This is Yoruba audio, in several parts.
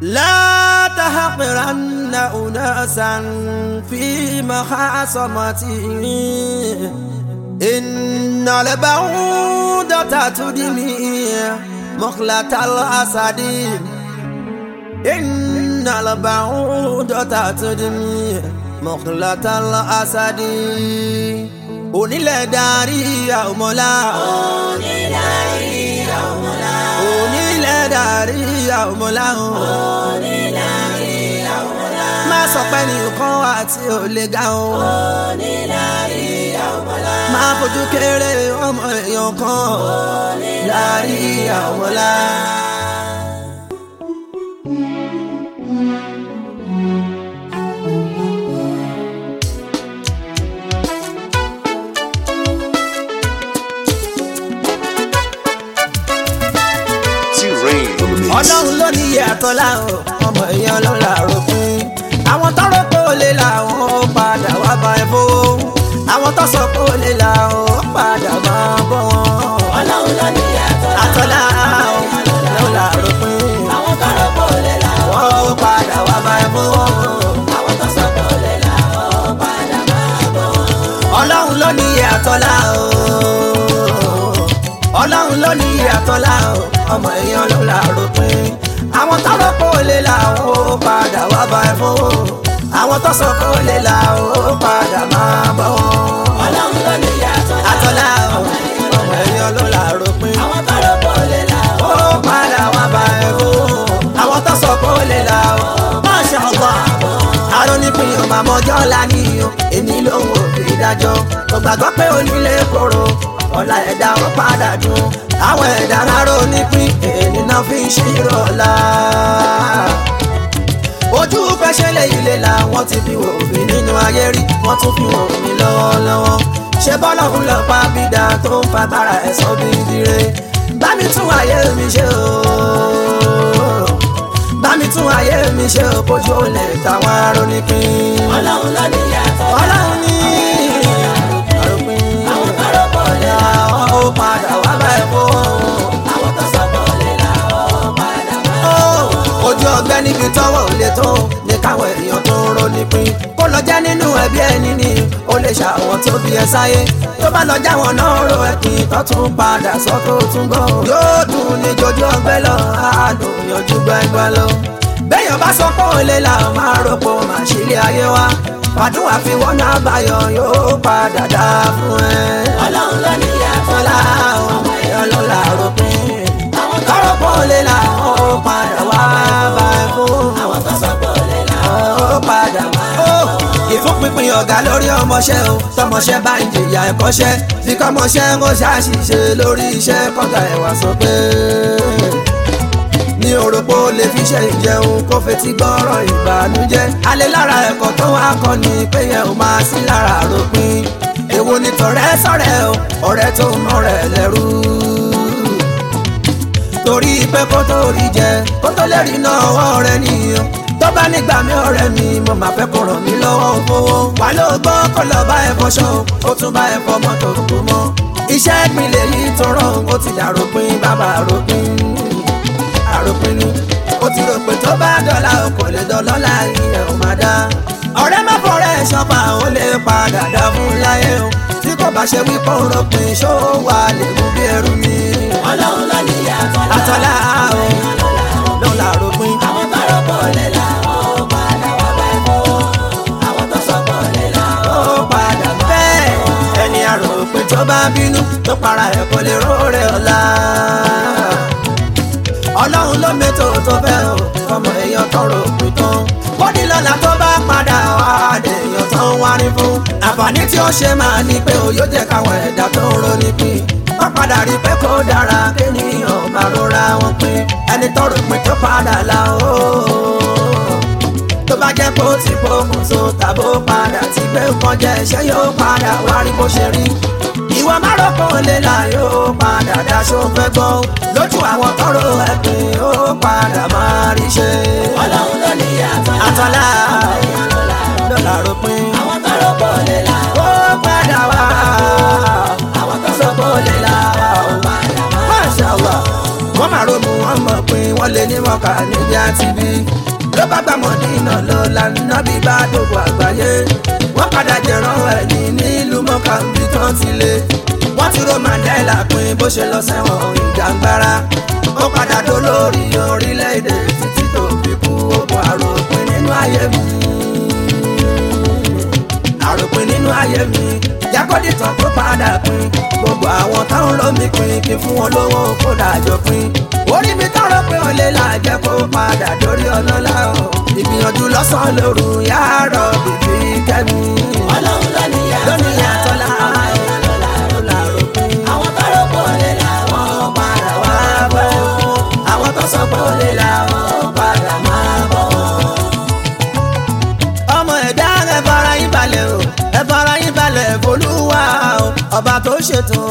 لا تحقرن أناسا في مخاصمتي إن البعودة تدمي مخلة الأسد إن البعودة تدمي مخلة الأسد onílẹ̀ darí ọmọlá. onílẹ̀ darí. láàrí ìyá ọmọlá o. òní láàrí ìyá ọmọlá. má sọ pé nìkan àti ò lè ga o. òní láàrí ìyá ọmọlá. má fojú kéré ọmọ èèyàn kan. òní láàrí ìyá tọ́lá o ọmọ èèyàn lọ́la ròfin àwọn tọ́rọ pé ó lè là ó padà wá bá ẹ fowó àwọn tó sọ pé ó lè là ó padà bá bọ́ wọn. ọlọ́run ló ní àtọ́lá o lọ́la ròfin àwọn tọ́rọ pé ó lè là ó padà wá bá ẹ fowó. àwọn tó sọ pé ó lè ó padà bá bọ́ wọn. ọlọ́run ló ní ìyàtọ̀lá o ọlọ́run ló ní ìyàtọ̀lá o ọmọ èèyàn ló là àwọn tọ́rọ̀ kò lè là ó padà wá bá ẹ fún o àwọn tọ́sọ̀ kò lè là ó padà máa bọ̀ ọ́. ọlọ́run ló ní ìyá àtọ́lá ọmọ ẹ̀yìn ọlọ́lá ròpin àwọn tọ́rọ̀ kò lè là ó padà wá bá ẹ fún o àwọn tọ́sọ̀ kò lè là ó máṣe ọ̀gbọ́n arónípin ọmọ àmọ́jọ́ ọ̀la ni èmi ló ń wò ìdájọ́ kò gbàgbọ́ pé onílé koro ọ̀la ẹ̀dá wọn padà dùn àwọn ẹ̀dá rárá onípín èyí náà fi ń ṣírò ọ̀la. ojú fẹsẹ̀lẹ̀ ilé làwọn ti fi wò mí nínú ayé rí wọ́n tún fi wò mí lọ́wọ́lọ́wọ́ ṣé bọ́lọ́hún lọ pa bídà tó ń fa bára ẹ̀sọ́ bí dire bá mi tún ayé mi ṣe o bá mi tún ayé mi ṣe o bójú ó lè tàwọn aróníkín. ọlọ́run ló ní yàtọ̀ ọlọ́run ní. lọ jẹ́ nínú ẹbí ẹni ni ó lè ṣàwọn tó bí ẹ sáyé tó bá lọ jáwọn náà ro ẹkùn tó tún padà sọ́kò tún gbọ́ yóò dùn ní jojú ọgbẹ́ lọ àádùn yanjú gbẹgbẹ lọ. béèyàn bá sọ pé òlé la máa rọpò máa ṣe ilé ayé wa fàdúrà fi àbáyọ yóò padà dá fún ẹ. ọlọ́run ló ní ẹ̀fọ́lá àwọn èèyàn ló là rọpin àwọn tó la ó padà wá bá. pínpín ọ̀gá lórí ọmọṣẹ́ o tọmọṣẹ́ bá ń jìyà ẹ̀kọ́ṣẹ́ bí kọ́mọṣẹ́ ń ṣàṣìṣe lórí iṣẹ́ kọ́gà ẹ̀wà sọ pé ní òròpó lè fi ṣe ìjẹun kó fetí gbọ́rọ̀ ìbànújẹ́ alẹ́ lára ẹ̀kọ́ tó wá kọ́ ni pé yẹn ò máa sí lára àròpin èwo ni tọ̀rẹ́ sọ̀rẹ́ o ọ̀rẹ́ tó ń mọ̀rẹ́ lẹ́rú torí pé kó tó rí jẹ kó tó lè rí náà ọwọ́ nìyẹn tó bá nígbà mi ọ̀rẹ́ mi mo máa fẹ́ kó ràn mí lọ́wọ́ fowó wà ló gbọ́ kó lọ bá ẹ fọṣọ ó tún bá ẹ fọ mọ́tò kó mọ́ iṣẹ́ ìpínlẹ̀ yìí tó rán ó ti dàrópin bàbá àrópin àrópin ni ó ti rò pé tó bá dọ́là ó lè dọ́lọ́ láàyè ẹ̀ ò máa dá ọ̀rẹ́ má fọ̀rẹ́ ẹ̀ ó lè padà dá fún láyé o tí kò bá ṣe wípé ó rọ pé ṣó wà lè mú bí ẹrú ni ọlọ́run lọ́ọ́ níyà àtọ́lá àtọ́lá o. tó bá bínú tó para ẹ̀ kò lè róore ọ̀la. ọlọ́run ló mẹ́tò tó fẹ́ o ọmọ èèyàn tọrọ òkú tán. ó ní lọ́la tó bá padà wá àdéhùn tó ń wárí fún. àǹfààní tí ó ṣe máa ní pé o yóò jẹ́ káwọn ẹ̀dá tó ń ronú pín wọ́n padà rí pé kó dára kéèyàn bá rọra wọn pín ẹni tọrọ pín tó padà la ooo tó bá jẹ́ kó ti pokùn so tàbó padà tí pé nǹkan jẹ yóò padà wá bó ṣe rí ìwọ márùkún lè láyò padà daṣọ fẹ́ gbọ́ lójú àwọn tọrọ ẹ̀pìn ó padà máa rí ṣe. ọlọ́run ló ní àtọ́lá lọ́la ròpin àwọn tọrọ pọ̀ lè la ó padà wá àwọn tọrọ pọ̀ lè la ó padà wá. Masha Allah wọ́n máa ronú wọn mọ̀ pé wọ́n lè ní mọ̀ká níbi àti bí ló bá gba mọ̀dínà ló lànà bí bá dògbò àgbáyé wọ́n padà jẹ̀rán ẹ̀yìn nílùú mọ́kà bí tán ti lé wọ́n ti ró Mandela pin bó ṣe lọ sẹ́wọ̀n ìjàngbara ó padà dolórí orílẹ̀-èdè títí tó fi kú ogun àròpin nínú ayé mi àròpin nínú ayé mi kọ́dìtàn kó padà pin gbogbo àwọn táwọn lómi pin kí fún wọn lówó kó làjọ pin orí mi tọrọ pé ó lè làjẹ́ kó padà dórí ọlọ́lá o ìgbìyànjú lọ́sàn-án lóru yàrá bìbí kẹ́mi. ọlọ́run ló ní yàtọ̀ ló ní yàtọ̀ láàárọ̀. sọ pé ó lè folúwa o ọba tó ṣètò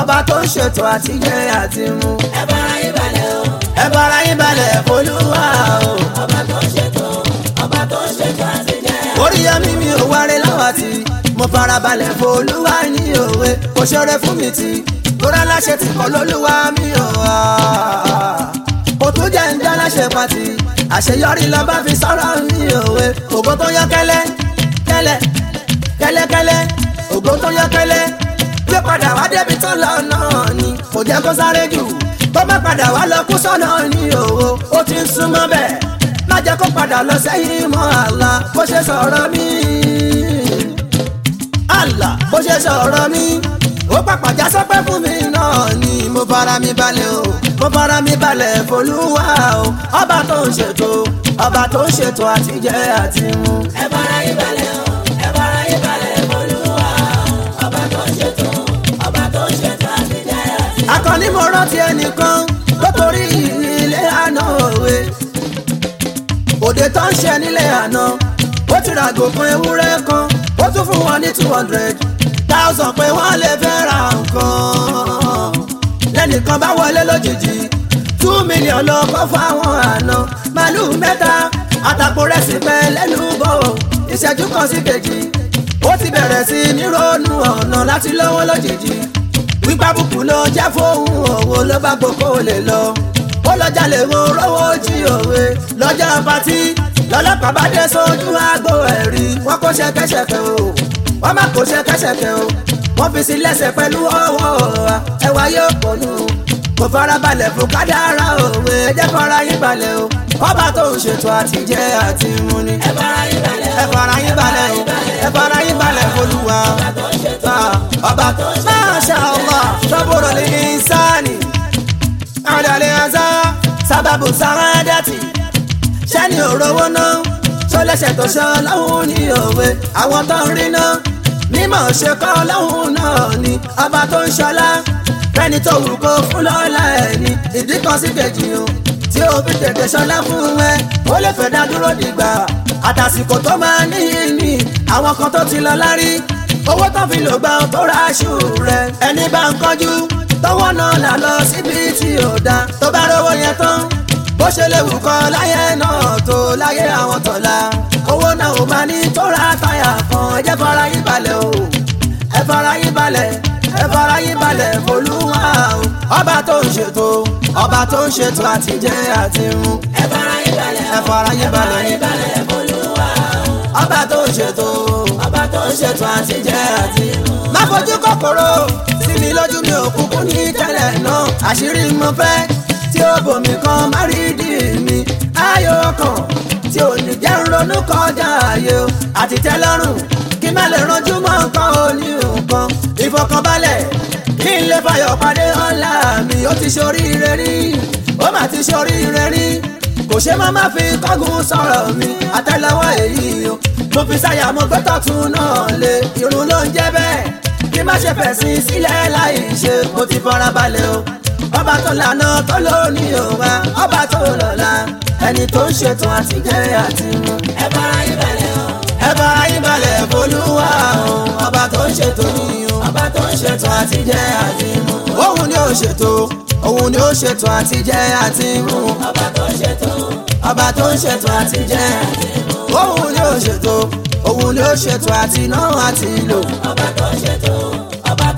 ọba tó ṣètò àti jẹ àti mu. ẹ bára yín balẹ̀ o. ẹ bára yín balẹ̀ folúwa o. ọba tó ṣètò ọba tó ṣètò àti jẹ àti mu. orí yẹn mímí ò wáré láwa ti mo farabalẹ̀ folúwa ní òwe kò ṣeré fún mi ti kóra láṣẹ ti kọ́ lólúwa mi ò wá. mo tún jẹ́ ń láṣẹ pati àṣeyọrí lọ bá fi sọ̀rọ̀ mi òwe ògo tó yọ kẹ́lẹ́ kẹ́lẹ́ kẹ́lẹ́kẹ́lẹ́ ló tán yánkẹ́lẹ́ gbé padà wá débi tán lọ́nà ni kò jẹ́ kó sáré jù tó bá padà wá lọ kú sọ́nà ni òwò ó ti ń súnmọ́ bẹ́ẹ̀ má jẹ́ kó padà lọ sẹ́yìn mọ́ àlà bó ṣe sọ̀rọ̀ mi àlà bó ṣe sọ̀rọ̀ mi ó pàpàjá sọpẹ́ fún mi náà ni mo fara mi balẹ̀ o mo fara mi balẹ̀ f'Olúwa o ọba tó ń ṣètò ọba tó ń ṣètò àtijẹ àti mu. ẹ bá oore tó ń ṣe nílẹ̀ àná ó ti ra gògùn ewúrẹ́ kan ó tún fún wọn ní two hundred thousand pé wọ́n lè fẹ́ ra nǹkan lẹ́nìkan bá wọlé lójijì two million ló kọ́ fáwọn àná màlúù mẹ́ta àtàpò rẹ̀ sì pẹ́ lẹ́nu bò ìṣẹ́jú kan sí kejì ó ti bẹ̀rẹ̀ sí ní ronú ọ̀nà láti lówó lójijì wípé àbùkù ló jẹ́ fóun òwò ló bá gbòkó lè lọ ó lọ́jà lè wo rówó jí òwe lọ́jọ́ pati lọ́lọ́pàá bá dé sójú àgbo ẹ̀rí wọ́n kó ṣẹ̀kẹ̀ṣẹ̀kẹ̀ o wọ́n má kó ṣẹ̀kẹ̀ṣẹ̀kẹ̀ o wọ́n fi sí lẹ́sẹ̀ pẹ̀lú ọwọ́ ẹwà yóò pọ̀nù kò farabalẹ̀ fún kádàrá òwe ẹ fara yín balẹ̀ o ọba tó ń ṣètò àtijẹ àti mu ni. ẹ fara yín balẹ̀ o ẹ fara yín balẹ̀ o ọba tó ń ṣètò àtijẹ àti mu ni. máa Sababu sàrádàtì sẹ́ni òrówó náà tó lẹ́sẹ̀ tó ṣe ọlọ́hun ní òwe àwọn tó ń rí náà mímọ̀ ṣe kọ́ ọlọ́hun náà ni ọba tó ń ṣọlá fẹ́ni tó wù kó fún lọ́la ẹ̀ ni ìdí kan sí kejì o tí o fi tètè ṣọlá fún ẹ ó lè fẹ́ dá dúró dìgbà àtàsìkò tó máa níyì ni àwọn kan tó ti lọ lárí owó tó fi lò gba ọtọ́ aṣù rẹ ẹni bá ń kánjú tọwọ́ náà là lọ síbi tí ò dáa tó bá rówó yẹn tán bó ṣe lè wù kọ́ láyé náà tó láyé àwọn tọ̀la owó náà ò máa ní tó ra táyà kan ẹ jẹ́ fara yín balẹ̀ o ẹ fara yín balẹ̀ ẹ fara yín balẹ̀ folúwa o ọba tó ń ṣètò ọba tó ń ṣètò àtijẹ àti mu ẹ fara yín balẹ̀ ẹ fara yín balẹ̀ folúwa o ọba tó ń ṣètò ọba tó ń ṣètò àtijẹ àti mu má fojú kòkòrò sí mi lójú mi ò kúkú ní tẹ́lẹ̀ náà àṣírí mo fẹ́ tí ó bòmí kan má rí dì mí ayọ̀ kan tí ò ní jẹ́ ronú kọjá ayé o àti tẹ́lọ́rùn kí má lè ranjú mọ́ nǹkan òní nǹkan ìfọkànbalẹ̀ kí n lè fayọ̀ pàdé ọ̀la mi ó ti ṣoríire rí ó mà ti ṣoríire rí kò ṣe má má fi kọ́gùn sọ̀rọ̀ mi àtẹ́lẹwọ́ èyí o mo fi ṣàyà mo gbé tọ̀tún náà lé irun má ṣe fẹ̀sìn sílẹ̀ láì ṣe mo ti fara balẹ̀ o ọba tó lànà tó lónìí ò wá ọba tó lọ́la ẹni tó ń ṣètò àti jẹ́ àti mu. ẹ bára yín balẹ̀ o. ẹ bára yín balẹ̀ bolúwa o ọba tó ń ṣètò ni o ọba tó ń ṣètò àti jẹ́ àti mu. òun ni ó ṣètò òun ni ó ṣètò àti jẹ́ àti mu. ọba tó ń ṣètò ọba tó ń ṣètò àti jẹ́ àti mu. òun ni ó ṣètò òun ló ṣètò àti náà àti lò. ọba tó ṣètò ọba tó.